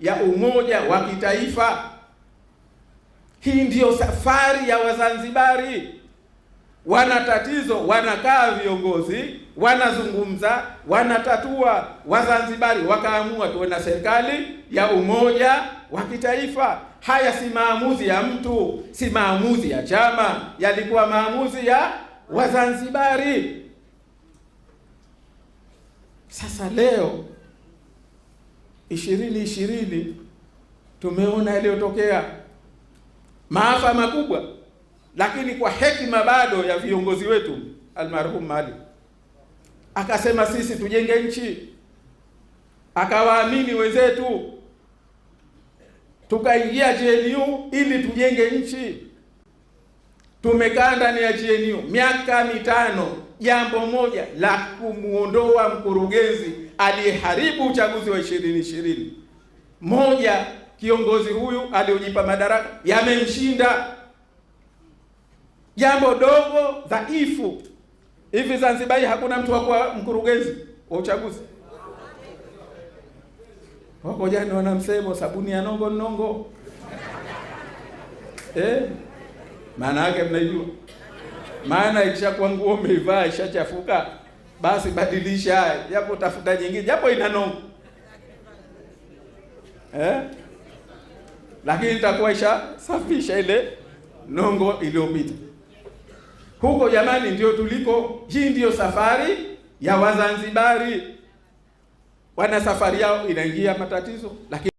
ya umoja wa kitaifa. Hii ndiyo safari ya Wazanzibari. Wana tatizo, wanakaa viongozi, wanazungumza, wanatatua. Wazanzibari wakaamua tuwe na serikali ya umoja wa kitaifa. Haya si maamuzi ya mtu, si maamuzi ya chama, yalikuwa maamuzi ya Wazanzibari. Sasa leo ishirini ishirini tumeona yaliyotokea maafa makubwa, lakini kwa hekima bado ya viongozi wetu, almarhum Mali akasema sisi tujenge nchi, akawaamini wenzetu, tukaingia JNU ili tujenge nchi. Tumekaa ndani ya GNU miaka mitano, jambo moja la kumuondoa mkurugenzi aliyeharibu uchaguzi wa 2020. Moja, kiongozi huyu aliyojipa madaraka yamemshinda, jambo dogo dhaifu. Hivi Zanzibar hakuna mtu wa kuwa mkurugenzi wa uchaguzi? Wako jani wana msemo sabuni ya nongo nongo, eh? Maana yake mnajua maana ikishakuwa nguo umeivaa ishachafuka, basi badilisha, japo tafuta nyingine, japo inanonga eh? lakini itakuwa ishasafisha ile nongo iliyopita huko. Jamani, ndio tuliko. Hii ndiyo safari ya Wazanzibari, wana safari yao inaingia matatizo, lakini